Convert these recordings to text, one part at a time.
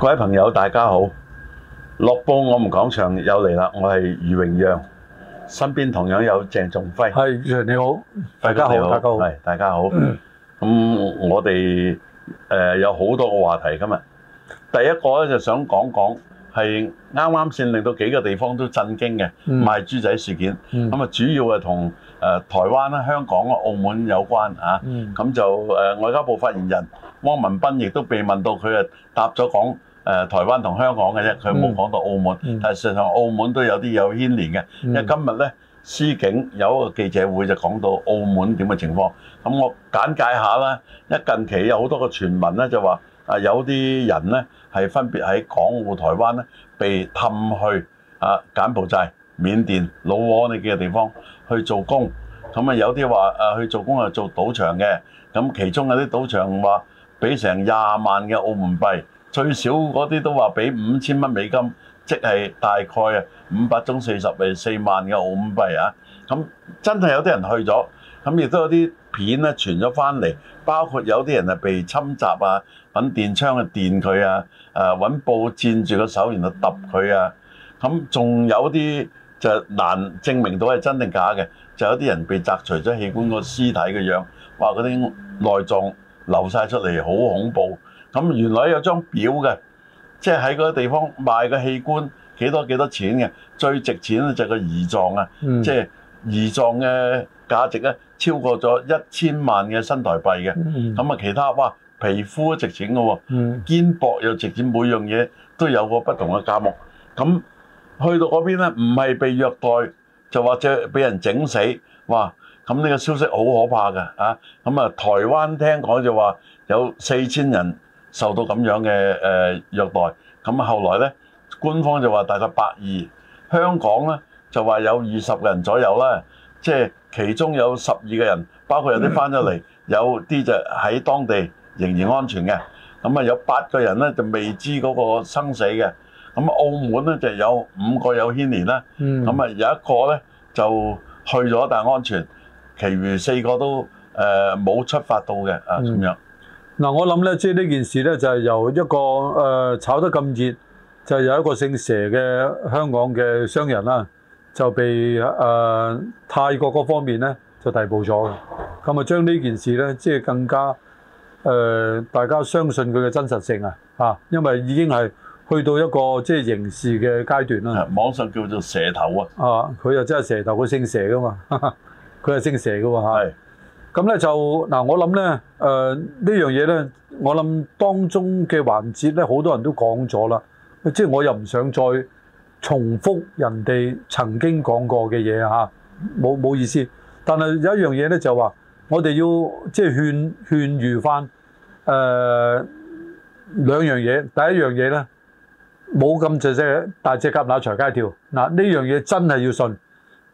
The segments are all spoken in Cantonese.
各位朋友，大家好！樂報我們講場又嚟啦，我係余榮讓，身邊同樣有鄭仲輝。係，余榮你好，大家好，大家好，咁、嗯嗯、我哋誒、呃、有好多個話題今，今日第一個咧就想講講係啱啱先令到幾個地方都震驚嘅、嗯、賣豬仔事件。咁、嗯、啊主要啊同誒台灣、啊、香港、啊、澳門有關嚇、啊。咁、嗯、就誒、呃、外交部發言人汪文斌亦都被問到，佢啊答咗講。誒、呃，台灣同香港嘅啫，佢冇講到澳門，嗯嗯、但係實際上澳門都有啲有牽連嘅、嗯。因為今日咧，司警有一個記者會就講到澳門點嘅情況，咁我簡介一下啦。一近期有好多個傳聞咧，就話啊有啲人咧係分別喺港澳、台灣咧被氹去啊柬埔寨、緬甸、老窩呢幾個地方去做工，咁啊有啲話啊去做工啊做賭場嘅，咁其中有啲賭場話俾成廿萬嘅澳門幣。最少嗰啲都話俾五千蚊美金，即係大概五百中四十誒四萬嘅澳五幣啊！咁真係有啲人去咗，咁亦都有啲片咧傳咗翻嚟，包括有啲人係被侵襲啊，揾電槍去電佢啊，誒揾布墊住個手然後揼佢啊，咁仲有啲就難證明到係真定假嘅，就有啲人被摘除咗器官個屍體嘅樣，話嗰啲內臟流晒出嚟，好恐怖。咁原來有張表嘅，即係喺嗰個地方賣個器官幾多幾多錢嘅，最值錢咧就係個胰臟啊，即、嗯、係胰臟嘅價值咧超過咗一千萬嘅新台幣嘅。咁啊，其他哇皮膚都值錢㗎喎，嗯、肩膊又值錢，每樣嘢都有個不同嘅價目。咁去到嗰邊咧，唔係被虐待，就或者俾人整死哇！咁呢個消息好可怕嘅啊！咁啊，台灣聽講就話有四千人。受到咁樣嘅誒虐待，咁後來呢，官方就話大概百二香港呢，就話有二十個人左右啦，即係其中有十二個人，包括有啲翻咗嚟，有啲就喺當地仍然安全嘅，咁啊有八個人呢，就未知嗰個生死嘅，咁澳門呢，就有五個有牽連啦，咁啊有一個呢，就去咗但係安全，其餘四個都誒冇、呃、出發到嘅啊咁樣。嗱、啊，我諗咧，即係呢件事咧，就係、是、由一個誒、呃、炒得咁熱，就有、是、一個姓蛇嘅香港嘅商人啦、啊，就被誒、呃、泰國嗰方面咧就逮捕咗嘅。咁啊，將呢件事咧，即係更加誒、呃、大家相信佢嘅真實性啊！嚇、啊，因為已經係去到一個即係刑事嘅階段啦、啊。網上叫做蛇頭啊！啊，佢又真係蛇頭，佢姓蛇噶嘛，佢係姓蛇噶喎、啊。咁咧就嗱，我諗咧，誒、呃這個，呢樣嘢咧，我諗當中嘅環節咧，好多人都講咗啦，即、就、係、是、我又唔想再重複人哋曾經講過嘅嘢嚇，冇冇意思。但係有一樣嘢咧就話，我哋要即係、就是、勸勸喻翻誒兩樣嘢。第一樣嘢咧，冇咁大隻大隻蛤乸隨街跳。嗱呢樣嘢真係要信。蠟蠟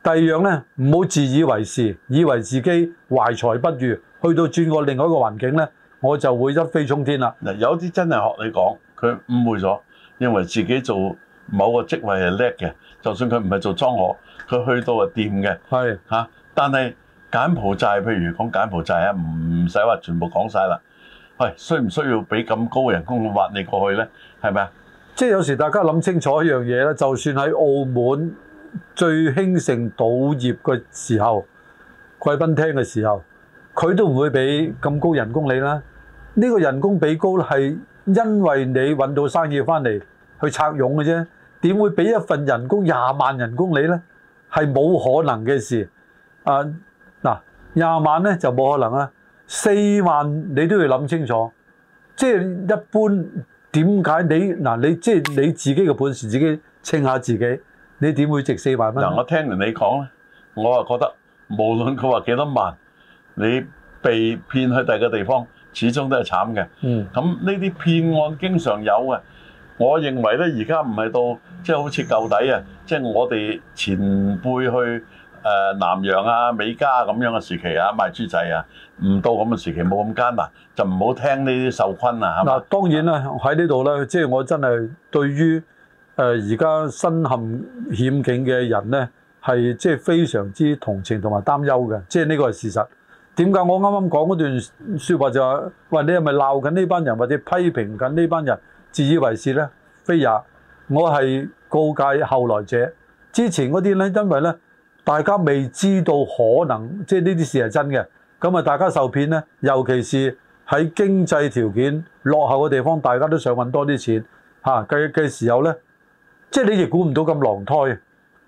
第二樣咧，唔好自以為是，以為自己懷才不遇，去到轉過另外一個環境咧，我就會一飛沖天啦。嗱，有啲真係學你講，佢誤會咗，認為自己做某個職位係叻嘅，就算佢唔係做裝潢，佢去到個掂嘅，係嚇、啊，但係柬埔寨，譬如講柬埔寨啊，唔使話全部講晒啦。喂、哎，需唔需要俾咁高人工挖你過去咧？係咪啊？即係有時大家諗清楚一樣嘢咧，就算喺澳門。最興盛賭業嘅時候，貴賓廳嘅時候，佢都唔會俾咁高人工你啦。呢個人工比高係因為你搵到生意翻嚟去拆佣嘅啫，點會俾一份人工廿萬人工你呢？係冇可能嘅事。啊嗱，廿萬呢就冇可能啊。四萬你都要諗清楚，即係一般點解你嗱你即係你，你自己嘅本事自己稱下自己。你點會值四萬蚊？嗱，我聽完你講咧，我啊覺得無論佢話幾多萬，你被騙去第二個地方，始終都係慘嘅。嗯。咁呢啲騙案經常有嘅，我認為咧，而家唔係到即係好似舊底啊，即係我哋前輩去誒南洋啊、美加咁樣嘅時期啊，賣豬仔啊，唔到咁嘅時期冇咁艱難，就唔好聽呢啲受困啊。嗱，當然啦，喺呢度咧，即係我真係對於。誒而家身陷險境嘅人呢，係即係非常之同情同埋擔憂嘅，即係呢個係事實。點解我啱啱講嗰段說話就話、是：喂，你係咪鬧緊呢班人或者批評緊呢班人自以為是呢？非也，我係告戒後來者。之前嗰啲呢，因為呢，大家未知道可能即係呢啲事係真嘅，咁啊大家受騙呢，尤其是喺經濟條件落後嘅地方，大家都想揾多啲錢嚇嘅時候呢即係你亦估唔到咁狼胎，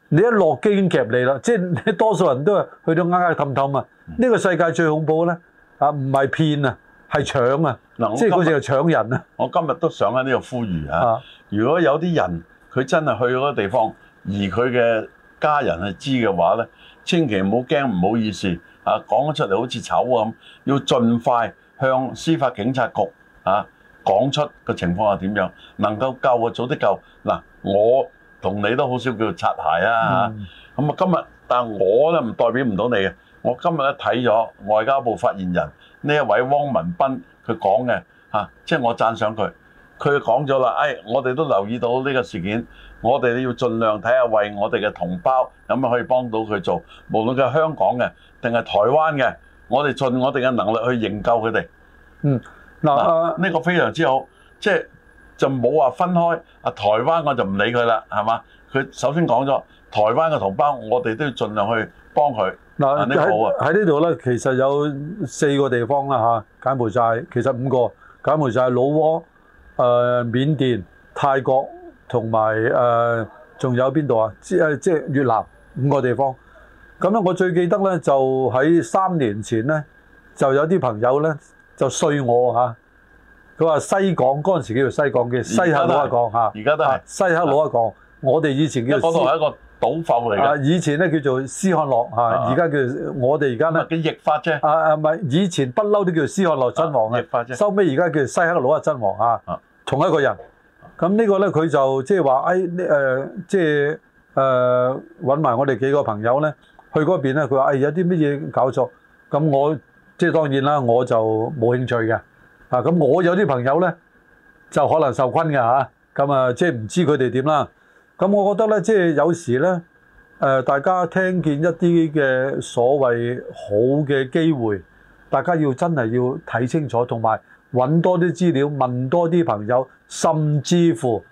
你一落機已經夾你啦。即係多數人都係去到啱啱氹氹啊。呢、這個世界最恐怖咧，啊唔係騙啊，係搶啊。嗱，即係佢就搶人啊。我今日都想喺呢度呼籲啊，啊，如果有啲人佢真係去嗰個地方，而佢嘅家人係知嘅話咧，千祈唔好驚唔好意思啊，講咗出嚟好似醜啊咁，要盡快向司法警察局啊。講出個情況係點樣，能夠救啊，早啲救嗱！我同你都好少叫擦鞋啊嚇，咁、嗯、啊今日，但係我咧唔代表唔到你嘅。我今日一睇咗外交部發言人呢一位汪文斌佢講嘅嚇，即係我讚賞佢，佢講咗啦，誒、哎、我哋都留意到呢個事件，我哋要盡量睇下為我哋嘅同胞有咪可以幫到佢做，無論佢係香港嘅定係台灣嘅，我哋盡我哋嘅能力去營救佢哋。嗯。嗱，呢個非常之好，即係就冇話分開。啊，台灣我就唔理佢啦，係嘛？佢首先講咗台灣嘅同胞，我哋都要盡量去幫佢。嗱，喺喺呢度咧，其實有四個地方啦嚇，柬埔寨，其實五個柬埔寨、老撾、誒、呃、緬甸、泰國同埋誒，仲有邊度啊？即係即係越南五個地方。咁咧，我最記得咧，就喺三年前咧，就有啲朋友咧。就碎我嚇！佢話西港嗰陣時叫做西港嘅西克佬一講嚇，而家都係西克佬一講。我哋以前叫做一個倒浮嚟嘅。以前咧叫做斯漢洛。嚇、啊，而家叫我哋而家咧。佢逆法啫。啊啊唔係以前不嬲都叫斯漢洛。親王、啊、逆法啫。收尾而家叫西克佬一親王啊。同、啊、一個人。咁、啊、呢個咧佢就即係話誒誒即係誒揾埋我哋幾個朋友咧去嗰邊咧，佢話、哎、有啲乜嘢搞錯咁我。即係當然啦，我就冇興趣嘅。啊，咁我有啲朋友咧，就可能受困嘅嚇。咁啊，即係唔知佢哋點啦。咁我覺得咧，即係有時咧，誒大家聽見一啲嘅所謂好嘅機會，大家真要真係要睇清楚，同埋揾多啲資料，問多啲朋友，甚至乎，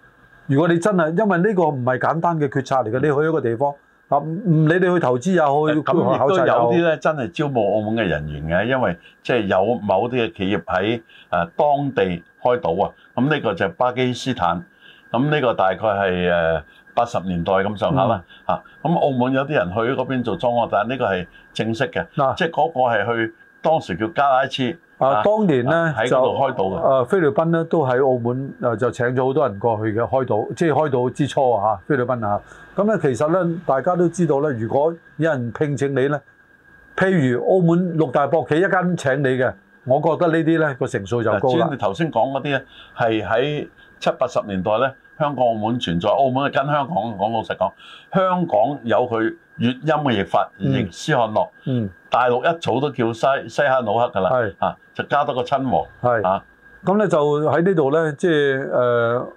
如果你真係因為呢個唔係簡單嘅決策嚟嘅，你去一個地方。嗱，你哋去投資又、啊、去也，咁有啲咧真係招募澳門嘅人員嘅，因為即係有某啲嘅企業喺誒當地開賭啊。咁呢個就係巴基斯坦，咁呢個大概係誒八十年代咁上下啦。嚇、嗯，咁、啊、澳門有啲人去嗰邊做莊荷，但係呢個係正式嘅、嗯，即係嗰個係去當時叫加拉茨。啊，啊！當年咧、啊、就誒、啊、菲律賓咧都喺澳門、啊、就請咗好多人過去嘅開島，即係開島之初啊菲律賓啊！咁咧其實咧大家都知道咧，如果有人聘請你咧，譬如澳門六大博企一間請你嘅，我覺得呢啲咧個成數就高。你頭先講嗰啲咧，係、啊、喺七八十年代咧，香港澳門存在，澳門啊跟香港講，老實講，香港有佢。粵音嘅譯法，譯施漢諾。大陸一早都叫西西哈努克㗎啦，啊，就加多個親王。係啊，咁咧就喺呢度咧，即係誒，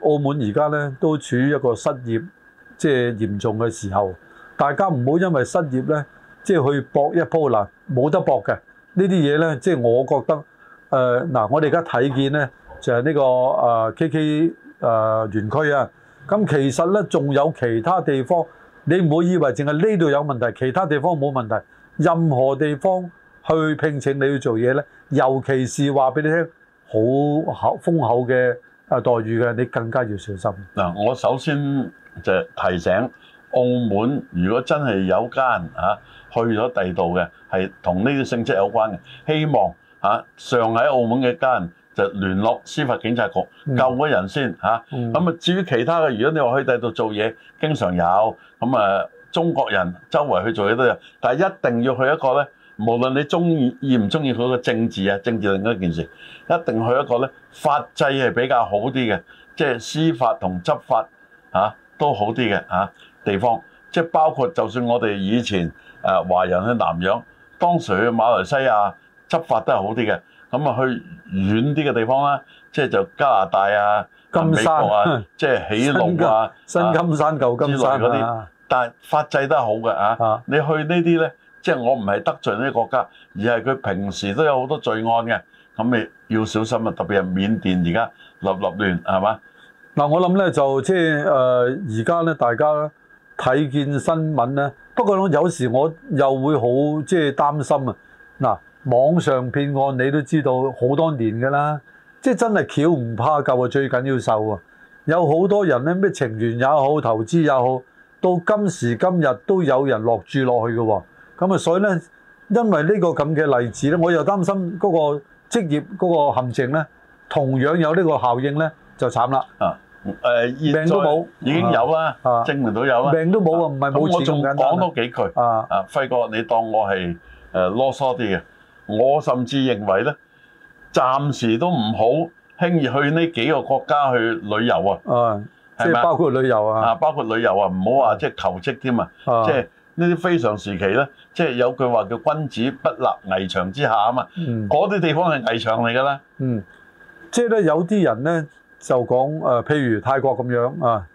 澳門而家咧都處於一個失業即係、就是、嚴重嘅時候，大家唔好因為失業咧，即、就、係、是、去搏一鋪啦，冇得搏嘅。呢啲嘢咧，即、就、係、是、我覺得誒嗱、呃，我哋而家睇見咧，就係、是、呢、這個誒、呃、K K 誒、呃、園區啊。咁其實咧，仲有其他地方。你唔好以為淨係呢度有問題，其他地方冇問題。任何地方去聘請你去做嘢呢，尤其是話俾你聽好厚豐厚嘅誒待遇嘅，你更加要小心。嗱，我首先就提醒澳門，如果真係有家人去咗第度嘅，係同呢啲性質有關嘅。希望嚇尚喺澳門嘅家人，就聯絡司法警察局救嗰人先嚇，咁、嗯、啊至於其他嘅，如果你話去第度做嘢，經常有，咁啊中國人周圍去做嘢都有，但係一定要去一個咧，無論你中意唔中意佢個政治啊，政治另一件事，一定去一個咧法制係比較好啲嘅，即、就、係、是、司法同執法嚇、啊、都好啲嘅嚇地方，即、就、係、是、包括就算我哋以前誒、啊、華人去南洋，當時去馬來西亞執法都係好啲嘅。咁啊，去遠啲嘅地方啦，即係就是、加拿大啊、金山，美國啊，即、就、係、是、起龍啊、新金山、啊、舊金山嗰啲、啊。但係法制都好嘅啊，啊！你去呢啲咧，即、就、係、是、我唔係得罪呢啲國家，而係佢平時都有好多罪案嘅，咁咪要小心啊！特別係緬甸而家立立亂係嘛？嗱、啊，我諗咧就即係誒，而家咧大家睇見新聞咧，不過有時我又會好即係擔心啊！嗱。網上騙案你都知道好多年嘅啦，即真係橋唔怕舊啊，最緊要受啊。有好多人咧，咩情緣也好，投資也好，到今時今日都有人落注落去嘅喎。咁啊，所以咧，因為呢個咁嘅例子咧，我又擔心嗰個職業嗰個陷阱咧，同樣有呢個效應咧，就慘啦、啊。啊，命都冇，已經有啦，證明到有啦，命都冇啊，唔係冇錢緊、啊。啊、我仲講多幾句。啊，啊，輝哥，你當我係誒囉嗦啲嘅。我甚至認為咧，暫時都唔好輕易去呢幾個國家去旅遊啊！啊，即係包括旅遊啊，啊，包括旅遊啊，唔好話即係求職添啊，啊！即係呢啲非常時期咧，即係有句話叫君子不立危牆之下啊嘛。嗯，嗰啲地方係危牆嚟㗎啦。嗯，即係咧有啲人咧就講誒、呃，譬如泰國咁樣啊，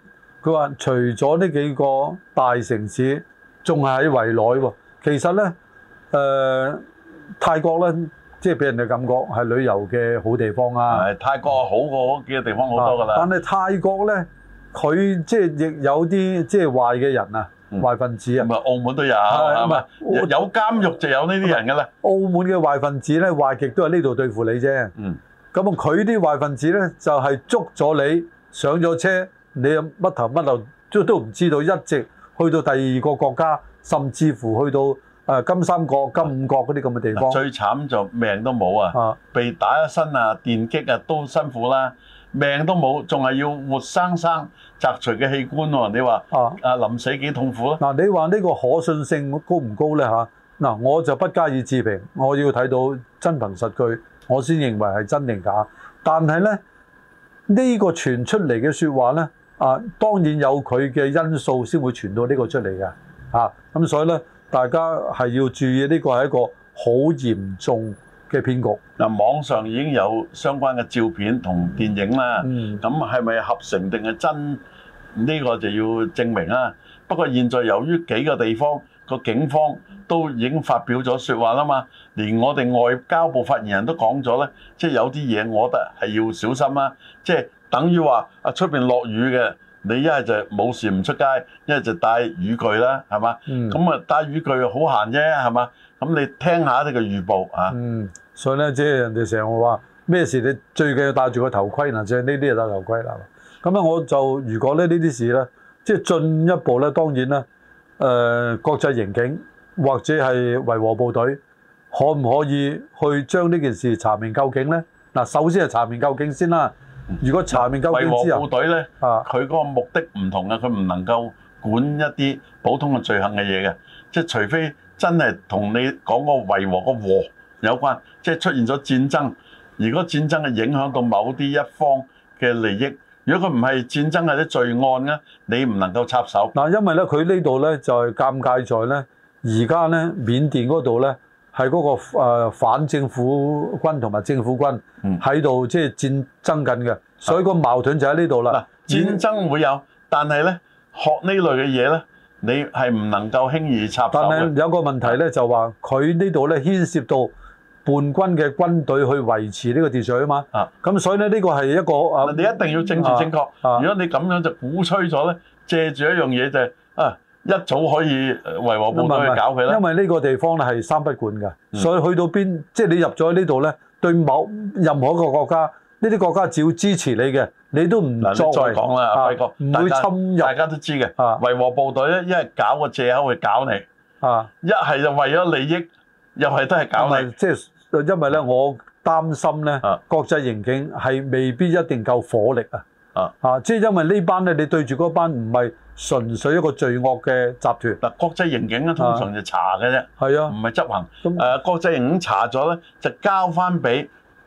佢話除咗呢幾個大城市，仲係喺圍內喎、啊。其實咧，誒、呃。泰國咧，即係俾人哋感覺係旅遊嘅好地方啊！嗯、泰國好過嗰幾個地方好多噶啦。但係泰國咧，佢即係亦有啲即係壞嘅人啊，壞、嗯、分子啊。唔係澳門都有，唔係、嗯、有監獄就有呢啲人噶啦。澳門嘅壞分子咧，壞極都係呢度對付你啫。嗯。咁啊，佢啲壞分子咧，就係、是、捉咗你上咗車，你又乜頭乜頭都都唔知道，一直去到第二個國家，甚至乎去到。誒、啊、金三角、金五角嗰啲咁嘅地方、啊，最慘就命都冇啊，啊！被打一身啊，電擊啊，都辛苦啦、啊。命都冇，仲係要活生生摘除嘅器官喎、啊。你話啊啊，臨死幾痛苦啊！嗱、啊，你話呢個可信性高唔高咧？嚇、啊、嗱，我就不加以置評。我要睇到真憑實據，我先認為係真定假。但係咧，呢、呢個傳出嚟嘅説話咧，啊當然有佢嘅因素先會傳到呢個出嚟嘅嚇。咁、啊、所以咧。大家係要注意，呢個係一個好嚴重嘅騙局。嗱，網上已經有相關嘅照片同電影啦。咁係咪合成定係真？呢個就要證明啦。不過現在由於幾個地方個警方都已經發表咗説話啦嘛，連我哋外交部發言人都講咗呢：「即係有啲嘢我覺得係要小心啦。即係等於話啊，出邊落雨嘅。你一係就冇事唔出街，一係就帶雨具啦，係嘛？咁，嗯，啊帶雨具好閒啫，係嘛？咁你聽下呢個預報啊，嗯，所以咧即係人哋成日話咩事，你最緊要戴住個頭盔嗱，即係呢啲就戴頭盔啦。咁啊，我就如果咧呢啲事咧，即係進一步咧，當然啦，誒國際刑警或者係維和部隊，可唔可以去將呢件事查明究竟咧？嗱，首先係查明究竟先啦。如果查緬交戰之維和部隊咧，佢、啊、嗰個目的唔同嘅，佢唔能夠管一啲普通嘅罪行嘅嘢嘅，即、就、係、是、除非真係同你講個維和個和有關，即、就、係、是、出現咗戰爭。如果戰爭係影響到某啲一方嘅利益，如果佢唔係戰爭或者罪案咧，你唔能夠插手。嗱，因為咧，佢呢度咧就係尷尬在咧，而家咧緬甸嗰度咧。係嗰、那個、呃、反政府軍同埋政府軍喺度即係戰爭緊嘅、嗯，所以個矛盾就喺呢度啦。戰爭會有，但係咧學類呢類嘅嘢咧，你係唔能夠輕易插手嘅。但係有個問題咧，就話佢呢度咧牽涉到叛軍嘅軍隊去維持呢個秩序啊嘛。啊，咁所以咧呢個係一個啊，你一定要政治正確、啊啊。如果你咁樣就鼓吹咗咧，借住一樣嘢就係、啊。一早可以維和部隊去搞佢啦，因為呢個地方咧係三不管嘅，所以去到邊，即係你入咗呢度咧，對某任何一個國家，呢啲國家只要支持你嘅，你都唔能再講啦，維國唔會侵入，大家都知嘅。維和部隊一係搞個藉口去搞你，一係就為咗利益，又係都係搞你。即係因為咧，我擔心咧，國際刑警係未必一定夠火力啊。啊啊！即、就、係、是、因為這班呢班咧，你對住嗰班唔係純粹一個罪惡嘅集團。嗱，國際刑警咧，通常就查嘅啫。係啊，唔係、啊、執行。誒、嗯啊，國際刑警查咗咧，就交翻俾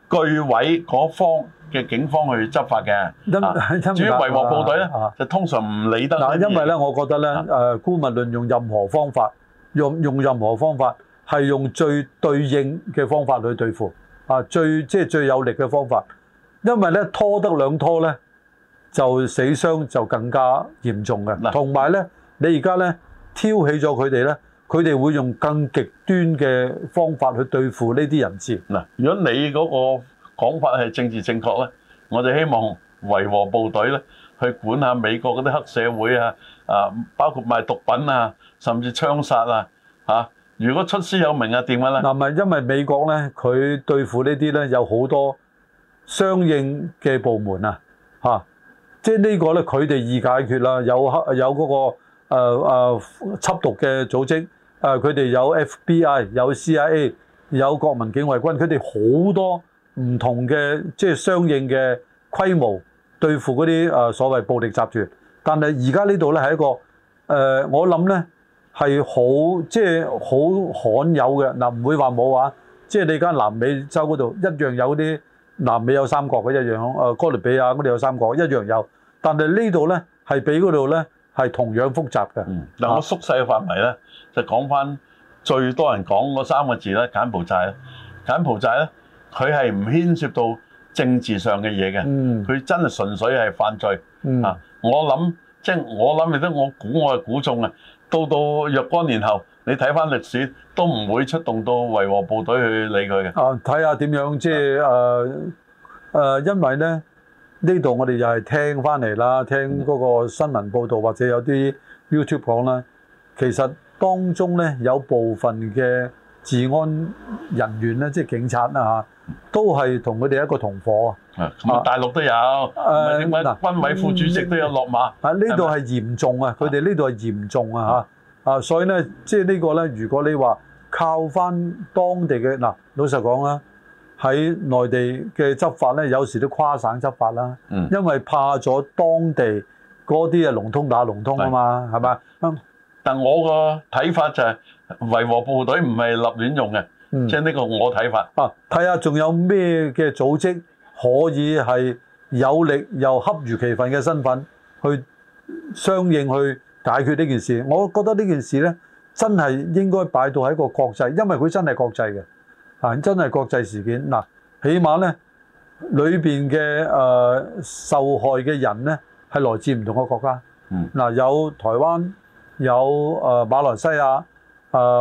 據委嗰方嘅警方去執法嘅。真係真至於維和部隊咧、啊，就通常唔理得，得。嗱、啊，因為咧，我覺得咧，誒，姑勿論用任何方法，用用任何方法，係用最對應嘅方法去對付。啊，最即係、就是、最有力嘅方法。因為咧，拖得兩拖咧。就死傷就更加嚴重嘅，同埋咧，你而家咧，挑起咗佢哋咧，佢哋會用更極端嘅方法去對付呢啲人質。嗱，如果你嗰個講法係政治正確咧，我就希望維和部隊咧去管下美國嗰啲黑社會啊，啊，包括賣毒品啊，甚至槍殺啊，嚇！如果出師有名啊，點啊咧？嗱，咪因為美國咧，佢對付呢啲咧有好多相應嘅部門啊，嚇！即係呢個咧，佢哋易解決啦。有黑、那個、有嗰、那個誒誒、呃啊、緝毒嘅組織，誒佢哋有 FBI、有 CIA、有國民警衛軍，佢哋好多唔同嘅即係相應嘅規模對付嗰啲誒所謂暴力集團。但係而家呢度咧係一個誒、呃，我諗咧係好即係好罕有嘅嗱，唔、呃、會話冇話！即、就、係、是、你間南美洲嗰度一樣有啲。南美有三國嘅一樣，誒哥利比亞我哋有三國一樣有，但係呢度咧係比嗰度咧係同樣複雜嘅。嗱、嗯、我縮細嘅範圍咧，就講翻最多人講嗰三個字咧，柬埔寨咧，柬埔寨咧佢係唔牽涉到政治上嘅嘢嘅，佢真係純粹係犯罪、嗯。啊，我諗即係我諗你都，我估我係估中啊！到到若干年後。你睇翻歷史都唔會出動到維和部隊去理佢嘅。啊，睇下點樣即係誒誒，因為咧呢度我哋又係聽翻嚟啦，聽嗰個新聞報道或者有啲 YouTube 講啦。其實當中咧有部分嘅治安人員咧，即係警察啦嚇，都係同佢哋一個同夥啊。大陸都有，嗱，軍委副主席都有落馬。啊，呢度係嚴重啊！佢哋呢度係嚴重啊嚇。啊，所以咧，即係呢個咧，如果你話靠翻當地嘅嗱，老實講啦，喺內地嘅執法咧，有時都跨省執法啦，嗯，因為怕咗當地嗰啲啊，龍通打龍通啊嘛，係咪？但我個睇法就係維和部隊唔係立亂用嘅，即係呢個我睇法。啊，睇下仲有咩嘅組織可以係有力又恰如其分嘅身份去相應去。解決呢件事，我覺得呢件事呢真係應該擺到喺個國際，因為佢真係國際嘅，啊，真係國際事件。嗱，起碼呢裏邊嘅誒受害嘅人呢係來自唔同嘅國家。嗯。嗱，有台灣，有誒馬來西亞，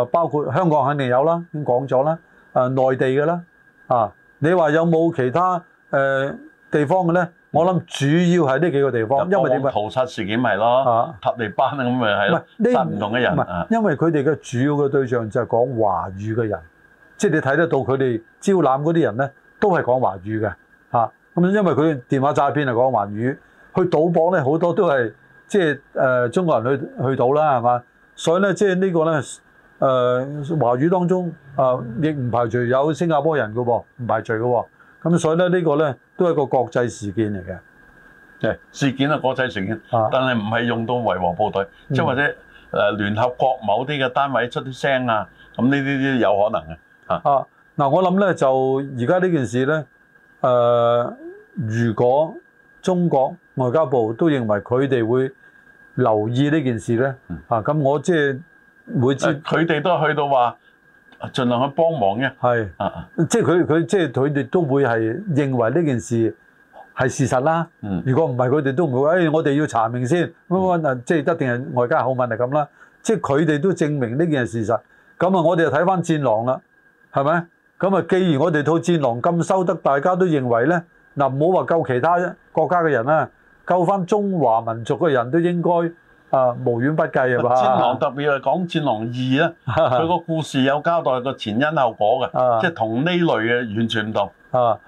包括香港肯定有啦，已經講咗啦。誒內地嘅啦，啊，你話有冇其他誒地方嘅呢？我諗主要係呢幾個地方，嗯、因為點啊？屠殺事件咪咯、啊，塔利班咁咪係，唔係唔同嘅人、啊。因為佢哋嘅主要嘅對象就係講華語嘅人，即、嗯、係、就是、你睇得到佢哋招攬嗰啲人咧，都係講華語嘅嚇。咁、啊嗯、因為佢電話詐騙係講華語，去賭博咧好多都係即係誒中國人去去賭啦，係嘛？所以咧即係呢個咧誒華語當中誒亦唔排除有新加坡人㗎喎，唔排除㗎喎。咁所以咧，這個、呢個咧都係個國際事件嚟嘅。事件啊，國際事件，啊、但係唔係用到維和部隊，即、嗯、係或者誒聯合國某啲嘅單位出啲聲啊。咁呢啲啲有可能嘅。啊，嗱、啊，我諗咧就而家呢件事咧，誒、呃，如果中國外交部都認為佢哋會留意呢件事咧、嗯，啊，咁我即係每次佢哋都去到話。盡量去幫忙嘅，係，啊即係佢佢即係佢哋都會係認為呢件事係事實啦。嗯，如果唔係佢哋都唔會，哎，我哋要查明先，咁、嗯、啊、嗯，即係一定係外加口吻係咁啦。即係佢哋都證明呢件係事實，咁啊，我哋就睇翻戰狼啦，係咪？咁啊，既然我哋套戰狼咁收得，大家都認為咧，嗱唔好話救其他國家嘅人啦，救翻中華民族嘅人都應該。啊！無遠不計啊！戰狼特別係講戰狼二咧、啊，佢、啊、個故事有交代個前因後果嘅、啊啊，即係同呢類嘅完全唔同啊！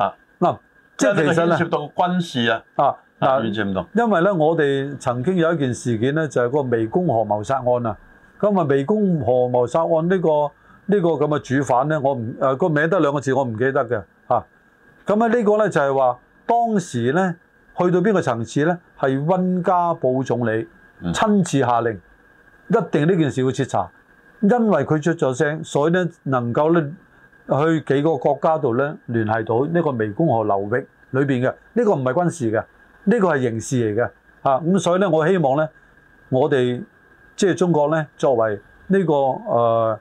嗱、啊，即係其實涉及到軍事啊啊！完全唔同，因為咧我哋曾經有一件事件咧，就係、是、嗰個湄公河謀殺案啊。咁啊，湄公河謀殺案呢、這個呢、這個咁嘅主犯咧，我唔誒個名得兩個字，我唔記得嘅嚇。咁咧呢個咧就係話當時咧去到邊個層次咧，係温家寶總理。嗯、親自下令，一定呢件事會徹查，因為佢出咗聲，所以咧能夠咧去幾個國家度咧聯繫到呢個湄公河流域裏邊嘅，呢、這個唔係軍事嘅，呢、這個係刑事嚟嘅，嚇、啊、咁所以咧我希望咧，我哋即係中國咧作為呢、這個誒、呃、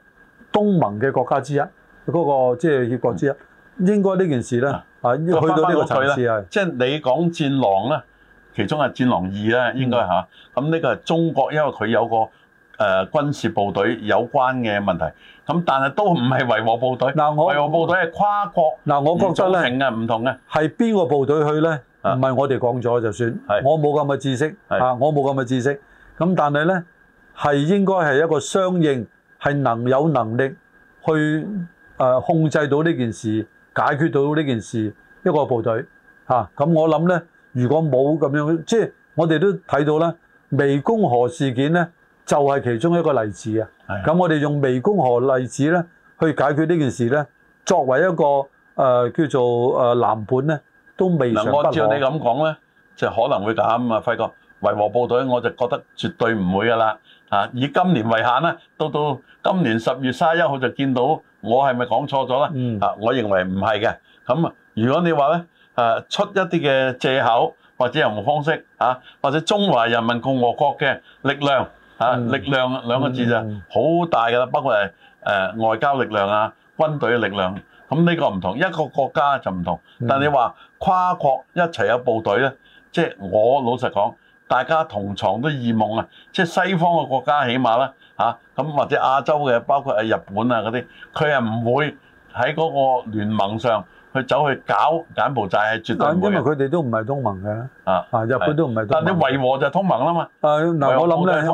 東盟嘅國家之一，嗰、那個即係協國之一，應該呢件事咧啊，啊去到呢個層次咧，即係你講戰狼咧。其中係，《戰狼二》咧，應該嚇咁呢個係中國，因為佢有個誒軍事部隊有關嘅問題。咁但係都唔係維和部隊。嗱，我維和部隊係跨國。嗱，我覺得咧唔同嘅係邊個部隊去咧？唔係我哋講咗就算。係我冇咁嘅知識啊！我冇咁嘅知識。咁但係咧係應該係一個相應係能有能力去誒控制到呢件事，解決到呢件事一個部隊嚇。咁我諗咧。如果冇咁樣，即係我哋都睇到咧，湄公河事件咧就係、係、其中一個例子啊。咁我哋用湄公河例子咧去解決呢件事咧，作為一個誒、呃、叫做誒藍本咧，都未上得岸。嗱，按照你咁講咧，就可能會咁啊，輝哥維和部隊我就覺得絕對唔會噶啦、啊。以今年為限呢，到到今年十月三十一號就見到我是是，我係咪講錯咗咧？啊，我認為唔係嘅。咁如果你話咧？誒、啊、出一啲嘅借口或者任何方式嚇、啊，或者中華人民共和國嘅力量啊、嗯、力量兩個字就好大噶啦、嗯，包括係、呃、外交力量啊、軍隊嘅力量，咁呢個唔同一個國家就唔同。嗯、但你話跨國一齊有部隊咧，即、就、係、是、我老實講，大家同床都異夢啊！即、就、係、是、西方嘅國家起碼啦吓，咁、啊啊、或者亞洲嘅包括係日本啊嗰啲，佢係唔會喺嗰個聯盟上。去走去搞柬埔寨係絕對唔會的。咁因為佢哋都唔係東盟嘅。啊，入去都唔係、啊。但你維和就係通盟啦嘛。啊，嗱、啊啊，我諗咧，啊，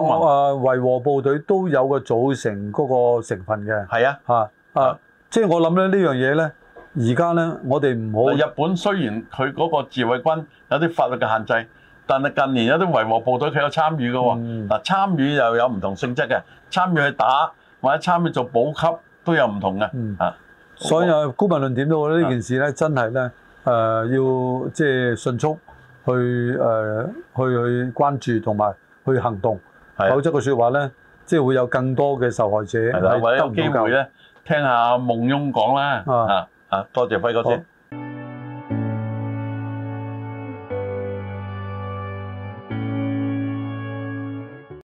維和部隊都有個組成嗰個成分嘅。係啊。嚇。啊，即、啊、係、啊啊就是、我諗咧呢樣嘢咧，而家咧我哋唔好。日本雖然佢嗰個自衛軍有啲法律嘅限制，但係近年有啲維和部隊佢有參與嘅喎。嗱、嗯啊，參與又有唔同性質嘅，參與去打或者參與做補給都有唔同嘅、嗯。啊。所以啊，顧文倫點都覺得呢件事咧，真係咧，誒要即係迅速去誒去去關注同埋去行動，否則嘅説話咧，即係會有更多嘅受害者。係，都有機會咧，聽下孟雍講啦。啊啊，多謝輝哥先。